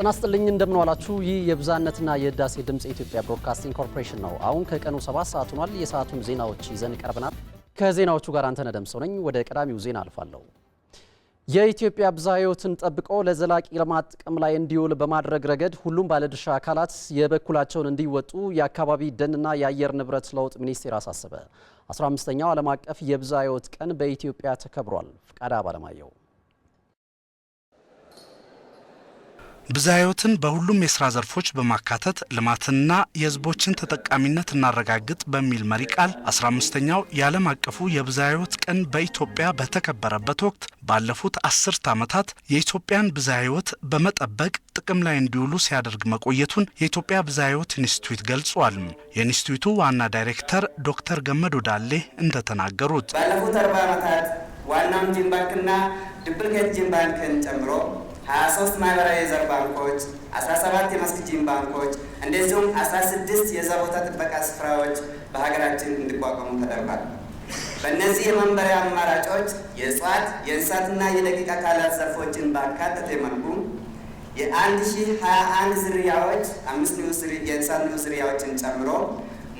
ጤና ይስጥልኝ እንደምን ዋላችሁ። ይህ የብዛነትና የህዳሴ ድምፅ የኢትዮጵያ ብሮድካስቲንግ ኮርፖሬሽን ነው። አሁን ከቀኑ ሰባት ሰዓት ሆኗል። የሰዓቱን ዜናዎች ይዘን ቀርበናል። ከዜናዎቹ ጋር አንተነህ ደምሰው ነኝ። ወደ ቀዳሚው ዜና አልፋለሁ። የኢትዮጵያ ብዝሃ ሕይወትን ጠብቆ ለዘላቂ ልማት ጥቅም ላይ እንዲውል በማድረግ ረገድ ሁሉም ባለድርሻ አካላት የበኩላቸውን እንዲወጡ የአካባቢ ደንና የአየር ንብረት ለውጥ ሚኒስቴር አሳሰበ። 15ኛው ዓለም አቀፍ የብዝሃ ሕይወት ቀን በኢትዮጵያ ተከብሯል። ፍቃድ አለማየሁ ብዝሃ ሕይወትን በሁሉም የስራ ዘርፎች በማካተት ልማትና የህዝቦችን ተጠቃሚነት እናረጋግጥ በሚል መሪ ቃል 15ኛው የዓለም አቀፉ የብዝሃ ሕይወት ቀን በኢትዮጵያ በተከበረበት ወቅት ባለፉት አስርት ዓመታት የኢትዮጵያን ብዝሃ ሕይወት በመጠበቅ ጥቅም ላይ እንዲውሉ ሲያደርግ መቆየቱን የኢትዮጵያ ብዝሃ ሕይወት ኢንስቲትዩት ገልጿል። የኢንስቲትዩቱ ዋና ዳይሬክተር ዶክተር ገመዶ ዳሌ እንደተናገሩት ባለፉት አርባ ዓመታት ዋናም ጅንባንክና ባንክና ጅንባንክን ጨምሮ 23 ማህበራዊ የዘር ባንኮች፣ 17 የመስጂድ ባንኮች እንደዚሁም 16 የዘር ቦታ ጥበቃ ስፍራዎች በሀገራችን እንዲቋቋሙ ተደርጓል። በእነዚህ የመንበሪያ አማራጮች የእጽዋት የእንስሳትና የደቂቅ አካላት ዘርፎችን ባካተተ መልኩ የአንድ ሺህ ሀያ አንድ ዝርያዎች አምስት የእንስሳት ንዑስ ዝርያዎችን ጨምሮ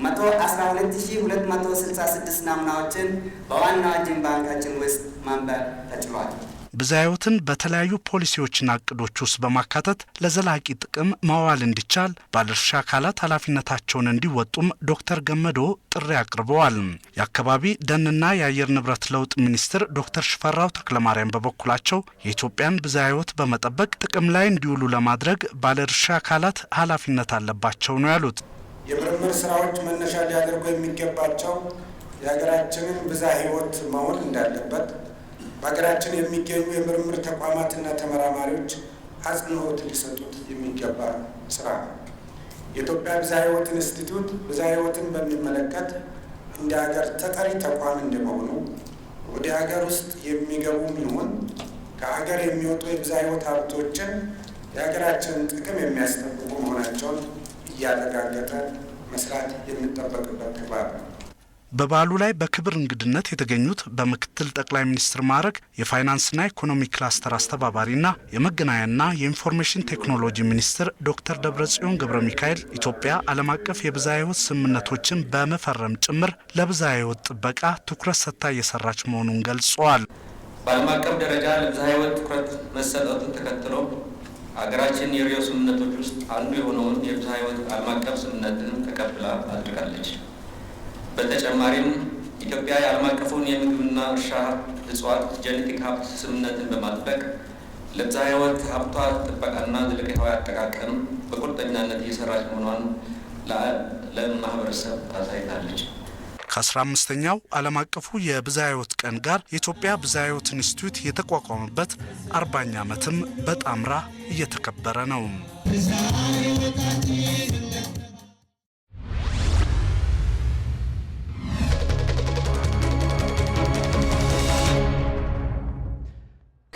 መቶ አስራ ሁለት ሺህ ሁለት መቶ ስልሳ ስድስት ናሙናዎችን በዋናው ጂን ባንካችን ውስጥ ማንበር ተችሏል። ብዝሃ በተለያዩ ፖሊሲዎችና እቅዶች ውስጥ በማካተት ለዘላቂ ጥቅም ማዋል እንዲቻል ባለድርሻ አካላት ኃላፊነታቸውን እንዲወጡም ዶክተር ገመዶ ጥሪ አቅርበዋል። የአካባቢ ደንና የአየር ንብረት ለውጥ ሚኒስትር ዶክተር ሽፈራው ተክለማርያም በበኩላቸው የኢትዮጵያን ብዝሃ በመጠበቅ ጥቅም ላይ እንዲውሉ ለማድረግ ባለድርሻ አካላት ኃላፊነት አለባቸው ነው ያሉት። የምርምር ስራዎች መነሻ ሊያደርጉ የሚገባቸው የሀገራችንን ብዝሃ ህይወት መሆን እንዳለበት በሀገራችን የሚገኙ የምርምር ተቋማትና ተመራማሪዎች አጽንኦት ሊሰጡት የሚገባ ስራ ነው። የኢትዮጵያ ብዝሃ ሕይወት ኢንስቲትዩት ብዝሃ ሕይወትን በሚመለከት እንደ ሀገር ተጠሪ ተቋም እንደመሆኑ ወደ ሀገር ውስጥ የሚገቡም ይሁን ከሀገር የሚወጡ የብዝሃ ሕይወት ሀብቶችን የሀገራችንን ጥቅም የሚያስጠብቁ መሆናቸውን እያረጋገጠ መስራት የሚጠበቅበት ተግባር ነው። በበዓሉ ላይ በክብር እንግድነት የተገኙት በምክትል ጠቅላይ ሚኒስትር ማዕረግ የፋይናንስና ኢኮኖሚ ክላስተር አስተባባሪና የመገናኛና የኢንፎርሜሽን ቴክኖሎጂ ሚኒስትር ዶክተር ደብረጽዮን ገብረ ሚካኤል ኢትዮጵያ ዓለም አቀፍ የብዝሃ ሕይወት ስምምነቶችን በመፈረም ጭምር ለብዝሃ ሕይወት ጥበቃ ትኩረት ሰጥታ እየሰራች መሆኑን ገልጸዋል። በዓለም አቀፍ ደረጃ ለብዝሃ ሕይወት ትኩረት መሰጠቱን ተከትሎ ሀገራችን የሪዮ ስምምነቶች ውስጥ አንዱ የሆነውን የብዝሃ ሕይወት ዓለም አቀፍ ስምምነትንም ተቀብላ አድርጋለች። በተጨማሪም ኢትዮጵያ የዓለም አቀፉን የምግብና እርሻ እጽዋት ጄኔቲክ ሀብት ስምምነትን በማጥበቅ ለብዝሃ ሕይወት ሀብቷ ጥበቃና ዘለቄታዊ አጠቃቀም በቁርጠኛነት እየሰራች መሆኗን ለማህበረሰብ ማህበረሰብ ታሳይታለች። ከአስራ አምስተኛው ዓለም አቀፉ የብዝሃ ሕይወት ቀን ጋር የኢትዮጵያ ብዝሃ ሕይወት ኢንስቲትዩት የተቋቋመበት አርባኛ ዓመትም በጣምራ እየተከበረ ነው።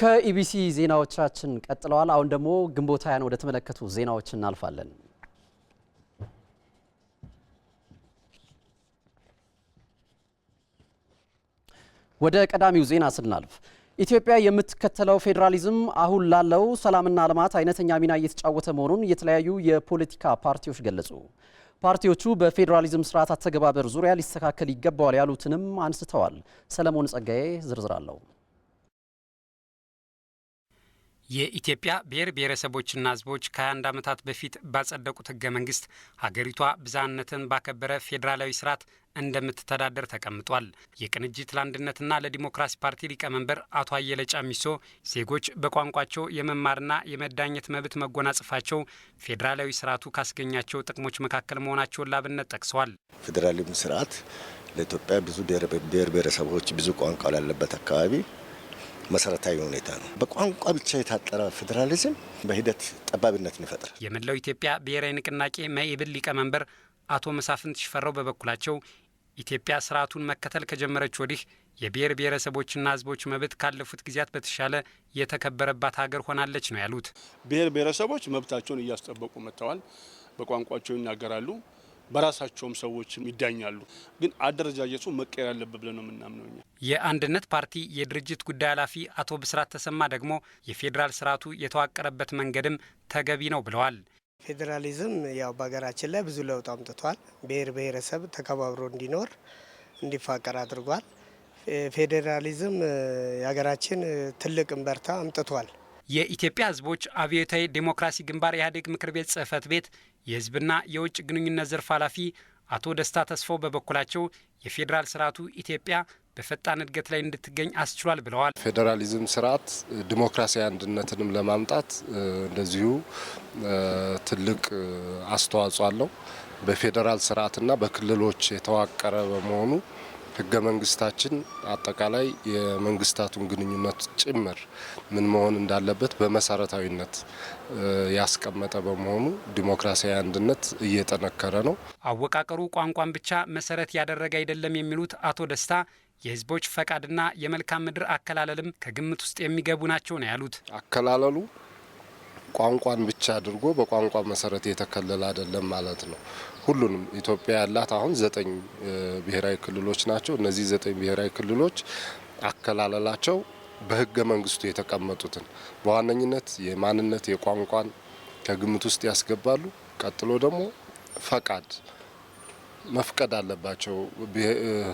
ከኢቢሲ ዜናዎቻችን ቀጥለዋል። አሁን ደግሞ ግንቦት ሃያን ወደ ተመለከቱ ዜናዎች እናልፋለን። ወደ ቀዳሚው ዜና ስናልፍ ኢትዮጵያ የምትከተለው ፌዴራሊዝም አሁን ላለው ሰላምና ልማት አይነተኛ ሚና እየተጫወተ መሆኑን የተለያዩ የፖለቲካ ፓርቲዎች ገለጹ። ፓርቲዎቹ በፌዴራሊዝም ስርዓት አተገባበር ዙሪያ ሊስተካከል ይገባዋል ያሉትንም አንስተዋል። ሰለሞን ጸጋዬ ዝርዝር አለው። የኢትዮጵያ ብሔር ብሔረሰቦችና ህዝቦች ከ21 ዓመታት በፊት ባጸደቁት ህገ መንግስት ሀገሪቷ ብዝሃነትን ባከበረ ፌዴራላዊ ስርዓት እንደምትተዳደር ተቀምጧል። የቅንጅት ለአንድነትና ለዲሞክራሲ ፓርቲ ሊቀመንበር አቶ አየለ ጫሚሶ ዜጎች በቋንቋቸው የመማርና የመዳኘት መብት መጎናጽፋቸው ፌዴራላዊ ስርዓቱ ካስገኛቸው ጥቅሞች መካከል መሆናቸውን ላብነት ጠቅሰዋል። ፌዴራሊም ስርዓት ለኢትዮጵያ ብዙ ብሔር ብሔረሰቦች ብዙ ቋንቋ ላለበት አካባቢ መሰረታዊ ሁኔታ ነው። በቋንቋ ብቻ የታጠረ ፌዴራሊዝም በሂደት ጠባብነትን ይፈጥራል። የመላው ኢትዮጵያ ብሔራዊ ንቅናቄ መኢብን ሊቀመንበር አቶ መሳፍንት ሽፈራው በበኩላቸው ኢትዮጵያ ስርዓቱን መከተል ከጀመረች ወዲህ የብሔር ብሔረሰቦችና ህዝቦች መብት ካለፉት ጊዜያት በተሻለ የተከበረባት ሀገር ሆናለች ነው ያሉት። ብሔር ብሔረሰቦች መብታቸውን እያስጠበቁ መጥተዋል። በቋንቋቸው ይናገራሉ። በራሳቸውም ሰዎችም ይዳኛሉ። ግን አደረጃጀቱ መቀየር አለበት ብለን ነው የምናምነው እኛ። የአንድነት ፓርቲ የድርጅት ጉዳይ ኃላፊ አቶ ብስራት ተሰማ ደግሞ የፌዴራል ስርዓቱ የተዋቀረበት መንገድም ተገቢ ነው ብለዋል። ፌዴራሊዝም ያው በሀገራችን ላይ ብዙ ለውጥ አምጥቷል። ብሔር ብሔረሰብ ተከባብሮ እንዲኖር እንዲፋቀር አድርጓል። ፌዴራሊዝም የሀገራችን ትልቅ እምብርታ አምጥቷል። የኢትዮጵያ ሕዝቦች አብዮታዊ ዴሞክራሲ ግንባር ኢህአዴግ ምክር ቤት ጽህፈት ቤት የህዝብና የውጭ ግንኙነት ዘርፍ ኃላፊ አቶ ደስታ ተስፋው በበኩላቸው የፌዴራል ስርዓቱ ኢትዮጵያ በፈጣን እድገት ላይ እንድትገኝ አስችሏል ብለዋል። ፌዴራሊዝም ስርዓት ዲሞክራሲያዊ አንድነትንም ለማምጣት እንደዚሁ ትልቅ አስተዋጽኦ አለው። በፌዴራል ስርዓትና በክልሎች የተዋቀረ በመሆኑ ህገ መንግስታችን አጠቃላይ የመንግስታቱን ግንኙነት ጭምር ምን መሆን እንዳለበት በመሰረታዊነት ያስቀመጠ በመሆኑ ዲሞክራሲያዊ አንድነት እየጠነከረ ነው። አወቃቀሩ ቋንቋን ብቻ መሰረት ያደረገ አይደለም የሚሉት አቶ ደስታ የህዝቦች ፈቃድና የመልካም ምድር አከላለልም ከግምት ውስጥ የሚገቡ ናቸው ነው ያሉት። አከላለሉ ቋንቋን ብቻ አድርጎ በቋንቋ መሰረት የተከለለ አይደለም ማለት ነው። ሁሉንም ኢትዮጵያ ያላት አሁን ዘጠኝ ብሔራዊ ክልሎች ናቸው። እነዚህ ዘጠኝ ብሔራዊ ክልሎች አከላለላቸው በህገ መንግስቱ የተቀመጡትን በዋነኝነት የማንነት የቋንቋን ከግምት ውስጥ ያስገባሉ። ቀጥሎ ደግሞ ፈቃድ መፍቀድ አለባቸው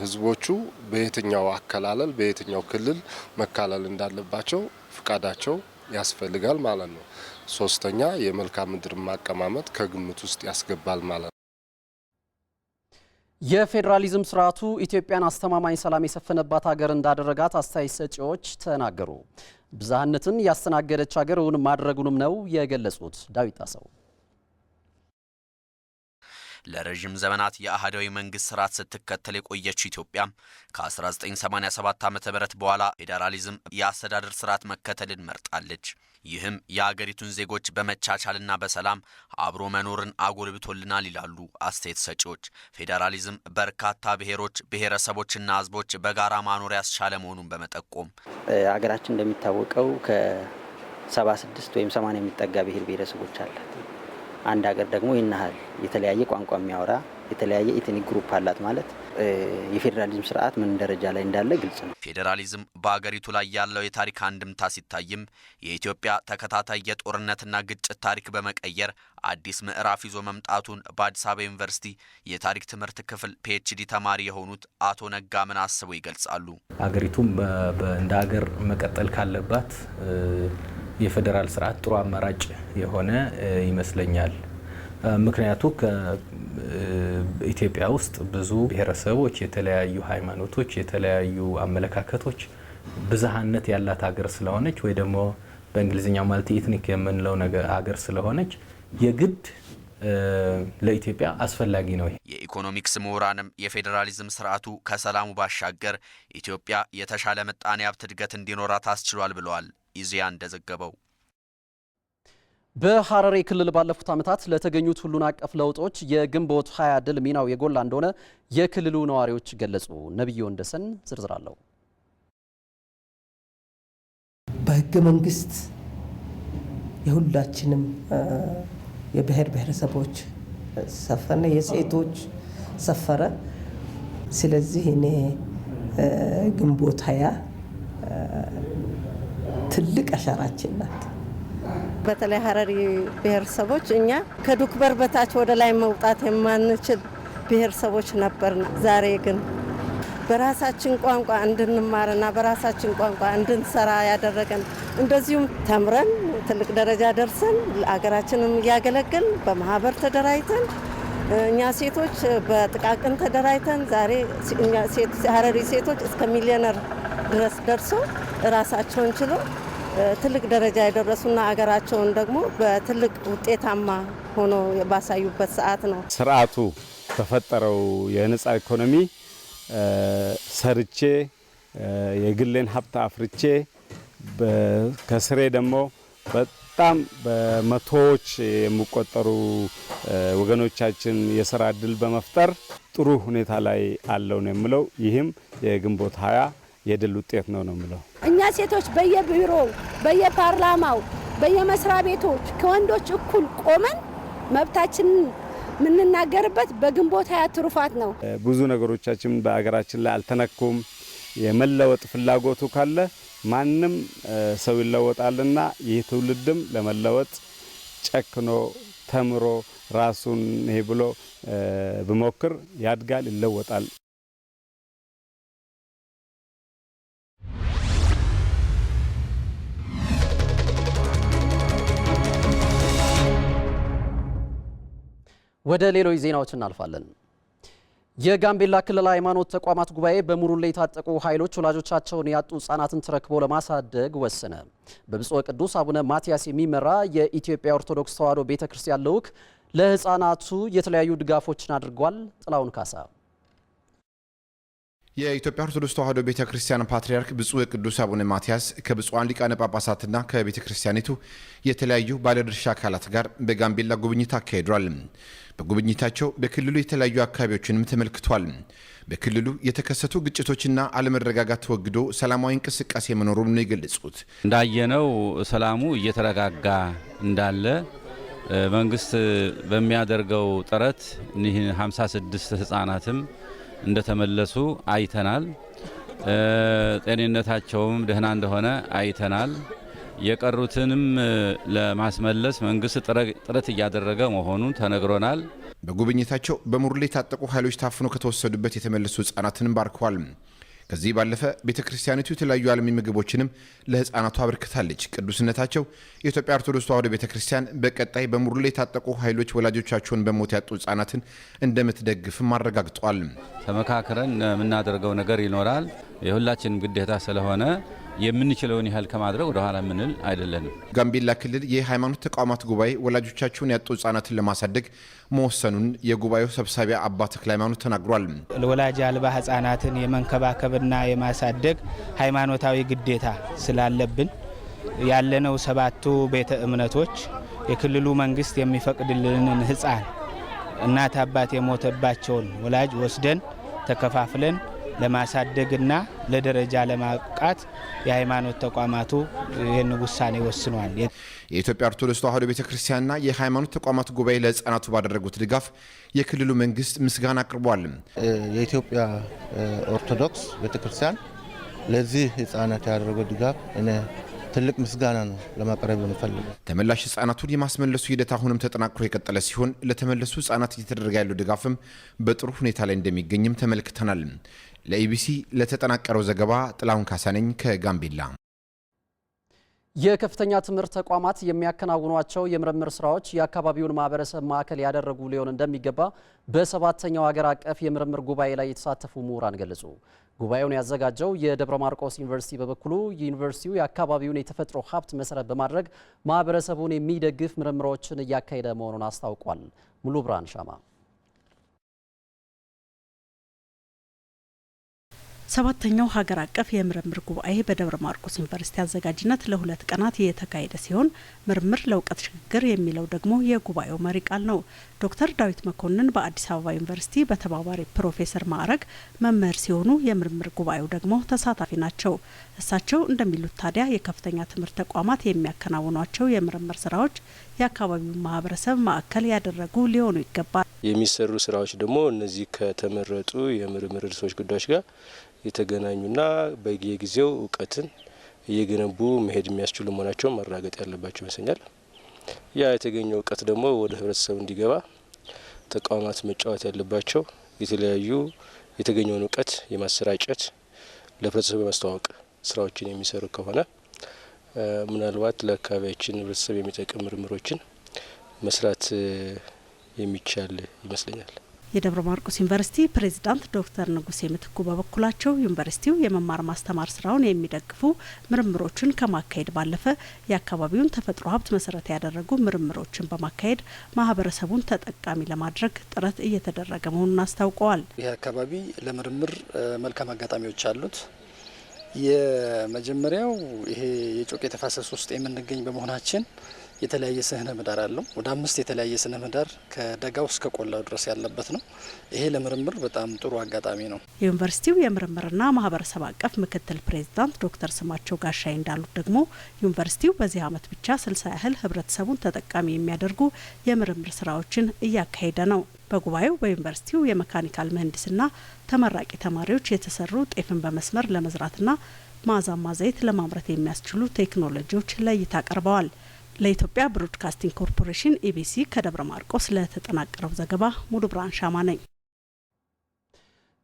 ህዝቦቹ በየትኛው አከላለል በየትኛው ክልል መካለል እንዳለባቸው ፍቃዳቸው ያስፈልጋል ማለት ነው። ሶስተኛ የመልክዓ ምድር ማቀማመጥ ከግምት ውስጥ ያስገባል ማለት ነው። የፌዴራሊዝም ስርዓቱ ኢትዮጵያን አስተማማኝ ሰላም የሰፈነባት ሀገር እንዳደረጋት አስተያየት ሰጪዎች ተናገሩ። ብዝሃነትን ያስተናገደች ሀገር እውን ማድረጉንም ነው የገለጹት። ዳዊት አሰው ለረዥም ዘመናት የአህዳዊ መንግስት ስርዓት ስትከተል የቆየችው ኢትዮጵያ ከ1987 ዓ ም በኋላ ፌዴራሊዝም የአስተዳደር ስርዓት መከተልን መርጣለች። ይህም የአገሪቱን ዜጎች በመቻቻልና በሰላም አብሮ መኖርን አጎልብቶልናል ይላሉ አስተያየት ሰጪዎች። ፌዴራሊዝም በርካታ ብሔሮች፣ ብሔረሰቦችና ህዝቦች በጋራ ማኖር ያስቻለ መሆኑን በመጠቆም ሀገራችን እንደሚታወቀው ከ76 ወይም 80 የሚጠጋ ብሔር ብሔረሰቦች አላት። አንድ ሀገር ደግሞ ይናሃል የተለያየ ቋንቋ የሚያወራ የተለያየ ኢትኒክ ግሩፕ አላት ማለት የፌዴራሊዝም ስርዓት ምን ደረጃ ላይ እንዳለ ግልጽ ነው። ፌዴራሊዝም በአገሪቱ ላይ ያለው የታሪክ አንድምታ ሲታይም የኢትዮጵያ ተከታታይ የጦርነትና ግጭት ታሪክ በመቀየር አዲስ ምዕራፍ ይዞ መምጣቱን በአዲስ አበባ ዩኒቨርሲቲ የታሪክ ትምህርት ክፍል ፒኤችዲ ተማሪ የሆኑት አቶ ነጋ ምን አስበው ይገልጻሉ። አገሪቱም እንደ ሀገር መቀጠል ካለባት የፌዴራል ስርዓት ጥሩ አማራጭ የሆነ ይመስለኛል። ምክንያቱ ከኢትዮጵያ ውስጥ ብዙ ብሔረሰቦች፣ የተለያዩ ሃይማኖቶች፣ የተለያዩ አመለካከቶች ብዝሃነት ያላት ሀገር ስለሆነች ወይ ደግሞ በእንግሊዝኛው ማለት ኢትኒክ የምንለው ሀገር ስለሆነች የግድ ለኢትዮጵያ አስፈላጊ ነው። የኢኮኖሚክስ ምሁራንም የፌዴራሊዝም ስርዓቱ ከሰላሙ ባሻገር ኢትዮጵያ የተሻለ ምጣኔ ሀብት እድገት እንዲኖራት አስችሏል ብለዋል። ኢዜአ እንደዘገበው በሐረሪ ክልል ባለፉት ዓመታት ለተገኙት ሁሉን አቀፍ ለውጦች የግንቦት ሀያ ድል ሚናው የጎላ እንደሆነ የክልሉ ነዋሪዎች ገለጹ። ነቢዩ ወንደሰን ዝርዝር አለው። በህገ መንግስት የሁላችንም የብሔር ብሔረሰቦች ሰፈነ፣ የሴቶች ሰፈረ። ስለዚህ እኔ ግንቦት ሀያ ትልቅ አሻራችን ናት። በተለይ ሀረሪ ብሔረሰቦች እኛ ከዱክ በር በታች ወደ ላይ መውጣት የማንችል ብሔረሰቦች ነበርን ዛሬ ግን በራሳችን ቋንቋ እንድንማርና በራሳችን ቋንቋ እንድንሰራ ያደረገን እንደዚሁም ተምረን ትልቅ ደረጃ ደርሰን አገራችንም እያገለግል በማህበር ተደራጅተን እኛ ሴቶች በጥቃቅን ተደራጅተን ዛሬ ሀረሪ ሴቶች እስከ ሚሊዮነር ድረስ ደርሶ ራሳቸውን ችሎ ትልቅ ደረጃ የደረሱና አገራቸውን ደግሞ በትልቅ ውጤታማ ሆኖ ባሳዩበት ሰዓት ነው። ስርዓቱ በፈጠረው የነጻ ኢኮኖሚ ሰርቼ የግሌን ሀብት አፍርቼ ከስሬ ደግሞ በጣም በመቶዎች የሚቆጠሩ ወገኖቻችን የስራ እድል በመፍጠር ጥሩ ሁኔታ ላይ አለው ነው የምለው። ይህም የግንቦት ሀያ የድል ውጤት ነው ነው ምለው እኛ ሴቶች በየቢሮው በየፓርላማው፣ በየመስሪያ ቤቶች ከወንዶች እኩል ቆመን መብታችንን የምንናገርበት በግንቦት ሀያ ትሩፋት ነው። ብዙ ነገሮቻችን በሀገራችን ላይ አልተነኩም። የመለወጥ ፍላጎቱ ካለ ማንም ሰው ይለወጣልና ይህ ትውልድም ለመለወጥ ጨክኖ ተምሮ ራሱን ይሄ ብሎ ብሞክር ያድጋል፣ ይለወጣል። ወደ ሌሎች ዜናዎች እናልፋለን። የጋምቤላ ክልል ሃይማኖት ተቋማት ጉባኤ በሙሩሌ የታጠቁ ኃይሎች ወላጆቻቸውን ያጡ ህጻናትን ተረክቦ ለማሳደግ ወሰነ። በብፁዕ ቅዱስ አቡነ ማትያስ የሚመራ የኢትዮጵያ ኦርቶዶክስ ተዋሕዶ ቤተ ክርስቲያን ልዑክ ለህጻናቱ የተለያዩ ድጋፎችን አድርጓል። ጥላውን ካሳ የኢትዮጵያ ኦርቶዶክስ ተዋሕዶ ቤተ ክርስቲያን ፓትርያርክ ብፁዕ ቅዱስ አቡነ ማትያስ ከብፁዓን ሊቃነ ጳጳሳትና ከቤተ ክርስቲያኒቱ የተለያዩ ባለድርሻ አካላት ጋር በጋምቤላ ጉብኝት አካሂዷል። በጉብኝታቸው በክልሉ የተለያዩ አካባቢዎችንም ተመልክቷል። በክልሉ የተከሰቱ ግጭቶችና አለመረጋጋት ተወግዶ ሰላማዊ እንቅስቃሴ መኖሩም ነው የገለጹት። እንዳየነው ሰላሙ እየተረጋጋ እንዳለ መንግስት በሚያደርገው ጥረት እኒህ 56 ህጻናትም እንደተመለሱ አይተናል። ጤንነታቸውም ደህና እንደሆነ አይተናል። የቀሩትንም ለማስመለስ መንግስት ጥረት እያደረገ መሆኑን ተነግሮናል። በጉብኝታቸው በሙርሌ የታጠቁ ኃይሎች ታፍኖ ከተወሰዱበት የተመለሱ ህጻናትንም ባርከዋል። ከዚህ ባለፈ ቤተ ክርስቲያኒቱ የተለያዩ አልሚ ምግቦችንም ለህፃናቱ አበርክታለች። ቅዱስነታቸው የኢትዮጵያ ኦርቶዶክስ ተዋሕዶ ቤተ ክርስቲያን በቀጣይ በሙርሌ የታጠቁ ኃይሎች ወላጆቻቸውን በሞት ያጡ ህጻናትን እንደምትደግፍም አረጋግጧል። ተመካክረን የምናደርገው ነገር ይኖራል የሁላችንም ግዴታ ስለሆነ የምንችለውን ያህል ከማድረግ ወደኋላ ምንል አይደለንም። ጋምቤላ ክልል የሃይማኖት ተቋማት ጉባኤ ወላጆቻቸውን ያጡ ህጻናትን ለማሳደግ መወሰኑን የጉባኤው ሰብሳቢ አባ ተክለ ሃይማኖት ተናግሯል። ወላጅ አልባ ህጻናትን የመንከባከብና የማሳደግ ሃይማኖታዊ ግዴታ ስላለብን ያለነው ሰባቱ ቤተ እምነቶች የክልሉ መንግስት የሚፈቅድልንን ህጻን እናት አባት የሞተባቸውን ወላጅ ወስደን ተከፋፍለን ለማሳደግና ለደረጃ ለማብቃት የሃይማኖት ተቋማቱ ይህን ውሳኔ ወስኗል። የኢትዮጵያ ኦርቶዶክስ ተዋሕዶ ቤተ ክርስቲያንና የሃይማኖት ተቋማት ጉባኤ ለህፃናቱ ባደረጉት ድጋፍ የክልሉ መንግስት ምስጋና አቅርቧል። የኢትዮጵያ ኦርቶዶክስ ቤተ ክርስቲያን ለዚህ ህፃናት ያደረገው ድጋፍ ትልቅ ምስጋና ነው ለማቅረብ የምፈልገው። ተመላሽ ህጻናቱን የማስመለሱ ሂደት አሁንም ተጠናክሮ የቀጠለ ሲሆን ለተመለሱ ህጻናት እየተደረገ ያለው ድጋፍም በጥሩ ሁኔታ ላይ እንደሚገኝም ተመልክተናል። ለኢቢሲ ለተጠናቀረው ዘገባ ጥላሁን ካሳነኝ ከጋምቤላ። የከፍተኛ ትምህርት ተቋማት የሚያከናውኗቸው የምርምር ስራዎች የአካባቢውን ማህበረሰብ ማዕከል ያደረጉ ሊሆን እንደሚገባ በሰባተኛው ሀገር አቀፍ የምርምር ጉባኤ ላይ የተሳተፉ ምሁራን ገለጹ። ጉባኤውን ያዘጋጀው የደብረ ማርቆስ ዩኒቨርሲቲ በበኩሉ ዩኒቨርሲቲው የአካባቢውን የተፈጥሮ ሀብት መሰረት በማድረግ ማህበረሰቡን የሚደግፍ ምርምሮችን እያካሄደ መሆኑን አስታውቋል። ሙሉ ብርሃን ሻማ ሰባተኛው ሀገር አቀፍ የምርምር ጉባኤ በደብረ ማርቆስ ዩኒቨርሲቲ አዘጋጅነት ለሁለት ቀናት የተካሄደ ሲሆን ምርምር ለእውቀት ሽግግር የሚለው ደግሞ የጉባኤው መሪ ቃል ነው። ዶክተር ዳዊት መኮንን በአዲስ አበባ ዩኒቨርሲቲ በተባባሪ ፕሮፌሰር ማዕረግ መምህር ሲሆኑ የምርምር ጉባኤው ደግሞ ተሳታፊ ናቸው። እሳቸው እንደሚሉት ታዲያ የከፍተኛ ትምህርት ተቋማት የሚያከናውኗቸው የምርምር ስራዎች የአካባቢውን ማህበረሰብ ማዕከል ያደረጉ ሊሆኑ ይገባል። የሚሰሩ ስራዎች ደግሞ እነዚህ ከተመረጡ የምርምር ርዕሶች ጉዳዮች ጋር የተገናኙና በየጊዜው እውቀትን እየገነቡ መሄድ የሚያስችሉ መሆናቸው መራገጥ ያለባቸው ይመስለኛል። ያ የተገኘ እውቀት ደግሞ ወደ ህብረተሰቡ እንዲገባ ተቋማት መጫወት ያለባቸው የተለያዩ የተገኘውን እውቀት የማሰራጨት ለህብረተሰቡ የማስተዋወቅ ስራዎችን የሚሰሩ ከሆነ ምናልባት ለአካባቢያችን ህብረተሰብ የሚጠቅም ምርምሮችን መስራት የሚቻል ይመስለኛል። የደብረ ማርቆስ ዩኒቨርሲቲ ፕሬዚዳንት ዶክተር ንጉሴ ምትኩ በበኩላቸው ዩኒቨርሲቲው የመማር ማስተማር ስራውን የሚደግፉ ምርምሮችን ከማካሄድ ባለፈ የአካባቢውን ተፈጥሮ ሀብት መሰረት ያደረጉ ምርምሮችን በማካሄድ ማህበረሰቡን ተጠቃሚ ለማድረግ ጥረት እየተደረገ መሆኑን አስታውቀዋል። ይህ አካባቢ ለምርምር መልካም አጋጣሚዎች አሉት። የመጀመሪያው ይሄ የጮቄ ተፋሰስ ውስጥ የምንገኝ በመሆናችን የተለያየ ስነ ምህዳር አለው። ወደ አምስት የተለያየ ስነ ምህዳር ከደጋው እስከ ቆላው ድረስ ያለበት ነው። ይሄ ለምርምር በጣም ጥሩ አጋጣሚ ነው። የዩኒቨርሲቲው የምርምርና ማህበረሰብ አቀፍ ምክትል ፕሬዚዳንት ዶክተር ስማቸው ጋሻይ እንዳሉት ደግሞ ዩኒቨርሲቲው በዚህ ዓመት ብቻ ስልሳ ያህል ህብረተሰቡን ተጠቃሚ የሚያደርጉ የምርምር ስራዎችን እያካሄደ ነው። በጉባኤው በዩኒቨርሲቲው የመካኒካል ምህንድስና ተመራቂ ተማሪዎች የተሰሩ ጤፍን በመስመር ለመዝራትና መዓዛማ ዘይት ለማምረት የሚያስችሉ ቴክኖሎጂዎች ለእይታ ቀርበዋል። ለኢትዮጵያ ብሮድካስቲንግ ኮርፖሬሽን ኢቢሲ ከደብረ ማርቆስ ለተጠናቀረው ዘገባ ሙሉ ብርሃን ሻማ ነኝ።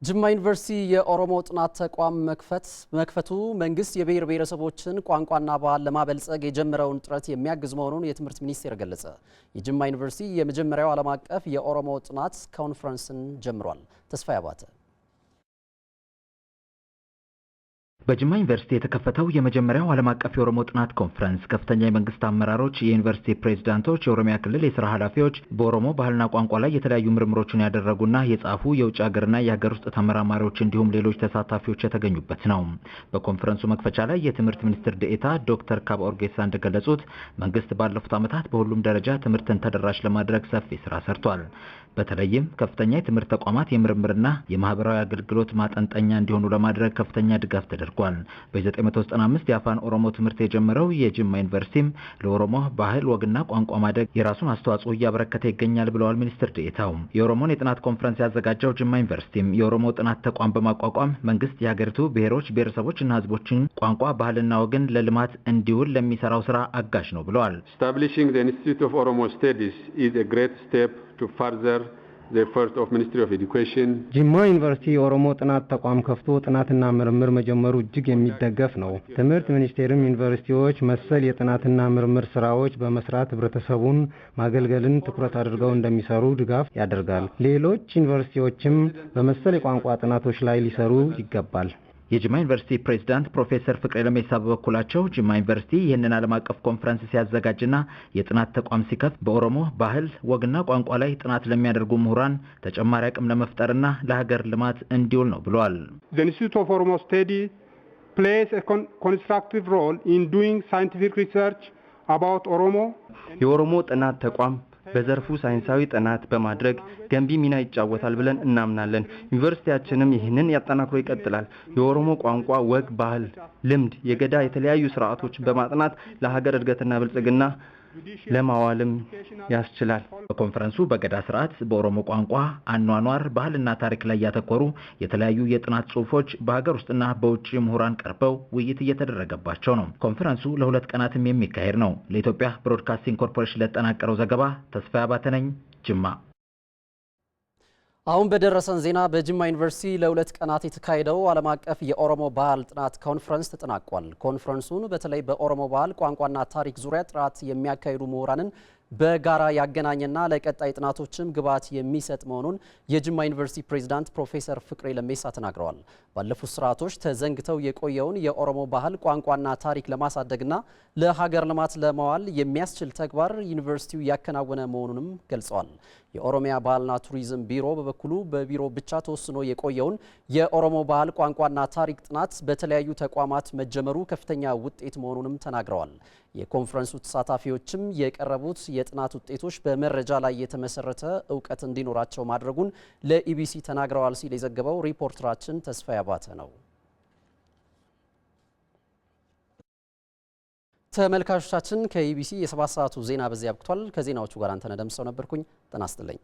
ጅማ ዩኒቨርሲቲ የኦሮሞ ጥናት ተቋም መክፈት መክፈቱ መንግስት የብሔር ብሔረሰቦችን ቋንቋና ባህል ለማበልጸግ የጀመረውን ጥረት የሚያግዝ መሆኑን የትምህርት ሚኒስቴር ገለጸ። የጅማ ዩኒቨርሲቲ የመጀመሪያው ዓለም አቀፍ የኦሮሞ ጥናት ኮንፈረንስን ጀምሯል። ተስፋዬ አባተ በጅማ ዩኒቨርሲቲ የተከፈተው የመጀመሪያው ዓለም አቀፍ የኦሮሞ ጥናት ኮንፈረንስ ከፍተኛ የመንግስት አመራሮች፣ የዩኒቨርሲቲ ፕሬዝዳንቶች፣ የኦሮሚያ ክልል የስራ ኃላፊዎች፣ በኦሮሞ ባህልና ቋንቋ ላይ የተለያዩ ምርምሮችን ያደረጉና የጻፉ የውጭ ሀገርና የሀገር ውስጥ ተመራማሪዎች እንዲሁም ሌሎች ተሳታፊዎች የተገኙበት ነው። በኮንፈረንሱ መክፈቻ ላይ የትምህርት ሚኒስትር ደኤታ ዶክተር ካባ እንደገለጹት መንግስት ባለፉት ዓመታት በሁሉም ደረጃ ትምህርትን ተደራሽ ለማድረግ ሰፊ ስራ ሰርቷል። በተለይም ከፍተኛ የትምህርት ተቋማት የምርምርና የማህበራዊ አገልግሎት ማጠንጠኛ እንዲሆኑ ለማድረግ ከፍተኛ ድጋፍ ተደርጓል። አድርጓል። በ995 የአፋን ኦሮሞ ትምህርት የጀመረው የጅማ ዩኒቨርሲቲም ለኦሮሞ ባህል ወግና ቋንቋ ማደግ የራሱን አስተዋጽኦ እያበረከተ ይገኛል ብለዋል ሚኒስትር ዴኤታው። የኦሮሞን የጥናት ኮንፈረንስ ያዘጋጀው ጅማ ዩኒቨርሲቲም የኦሮሞ ጥናት ተቋም በማቋቋም መንግስት የሀገሪቱ ብሔሮች ብሔረሰቦች እና ህዝቦችን ቋንቋ፣ ባህልና ወግን ለልማት እንዲውል ለሚሰራው ስራ አጋዥ ነው ብለዋል። Establishing the Institute of ጅማ ዩኒቨርሲቲ የኦሮሞ ጥናት ተቋም ከፍቶ ጥናትና ምርምር መጀመሩ እጅግ የሚደገፍ ነው። ትምህርት ሚኒስቴርም ዩኒቨርሲቲዎች መሰል የጥናትና ምርምር ስራዎች በመስራት ህብረተሰቡን ማገልገልን ትኩረት አድርገው እንደሚሰሩ ድጋፍ ያደርጋል። ሌሎች ዩኒቨርሲቲዎችም በመሰል የቋንቋ ጥናቶች ላይ ሊሰሩ ይገባል። የጅማ ዩኒቨርሲቲ ፕሬዚዳንት ፕሮፌሰር ፍቅሬ ለሜሳ በበኩላቸው ጅማ ዩኒቨርሲቲ ይህንን ዓለም አቀፍ ኮንፈረንስ ሲያዘጋጅና የጥናት ተቋም ሲከፍት በኦሮሞ ባህል፣ ወግና ቋንቋ ላይ ጥናት ለሚያደርጉ ምሁራን ተጨማሪ አቅም ለመፍጠርና ለሀገር ልማት እንዲውል ነው ብለዋል። ኢንስቲትዩት ኦፍ ኦሮሞ ስተዲ ፕሌይስ ኮንስትራክቲቭ ሮል ኢን ዱይንግ ሳይንቲፊክ ሪሰርች አባውት ኦሮሞ የኦሮሞ ጥናት ተቋም በዘርፉ ሳይንሳዊ ጥናት በማድረግ ገንቢ ሚና ይጫወታል ብለን እናምናለን። ዩኒቨርሲቲያችንም ይህንን ያጠናክሮ ይቀጥላል። የኦሮሞ ቋንቋ፣ ወግ፣ ባህል፣ ልምድ፣ የገዳ የተለያዩ ስርዓቶች በማጥናት ለሀገር እድገትና ብልጽግና ለማዋልም ያስችላል። በኮንፈረንሱ በገዳ ስርዓት፣ በኦሮሞ ቋንቋ አኗኗር፣ ባህልና ታሪክ ላይ ያተኮሩ የተለያዩ የጥናት ጽሁፎች በሀገር ውስጥና በውጭ ምሁራን ቀርበው ውይይት እየተደረገባቸው ነው። ኮንፈረንሱ ለሁለት ቀናትም የሚካሄድ ነው። ለኢትዮጵያ ብሮድካስቲንግ ኮርፖሬሽን ለተጠናቀረው ዘገባ ተስፋ አባተ ነኝ ጅማ አሁን በደረሰን ዜና በጅማ ዩኒቨርሲቲ ለሁለት ቀናት የተካሄደው ዓለም አቀፍ የኦሮሞ ባህል ጥናት ኮንፈረንስ ተጠናቋል። ኮንፈረንሱን በተለይ በኦሮሞ ባህል ቋንቋና ታሪክ ዙሪያ ጥናት የሚያካሂዱ ምሁራንን በጋራ ያገናኘና ለቀጣይ ጥናቶችም ግብዓት የሚሰጥ መሆኑን የጅማ ዩኒቨርሲቲ ፕሬዚዳንት ፕሮፌሰር ፍቅሬ ለሜሳ ተናግረዋል። ባለፉት ስርዓቶች ተዘንግተው የቆየውን የኦሮሞ ባህል ቋንቋና ታሪክ ለማሳደግና ለሀገር ልማት ለማዋል የሚያስችል ተግባር ዩኒቨርሲቲው ያከናወነ መሆኑንም ገልጸዋል። የኦሮሚያ ባህልና ቱሪዝም ቢሮ በበኩሉ በቢሮ ብቻ ተወስኖ የቆየውን የኦሮሞ ባህል ቋንቋና ታሪክ ጥናት በተለያዩ ተቋማት መጀመሩ ከፍተኛ ውጤት መሆኑንም ተናግረዋል። የኮንፈረንሱ ተሳታፊዎችም የቀረቡት የጥናት ውጤቶች በመረጃ ላይ የተመሰረተ እውቀት እንዲኖራቸው ማድረጉን ለኢቢሲ ተናግረዋል ሲል የዘገበው ሪፖርተራችን ተስፋ ያባተ ነው። ተመልካቾቻችን ከኢቢሲ የሰባት ሰዓቱ ዜና በዚህ አብቅቷል። ከዜናዎቹ ጋር አንተነህ ደምሰው ነበርኩኝ። ጤና ይስጥልኝ።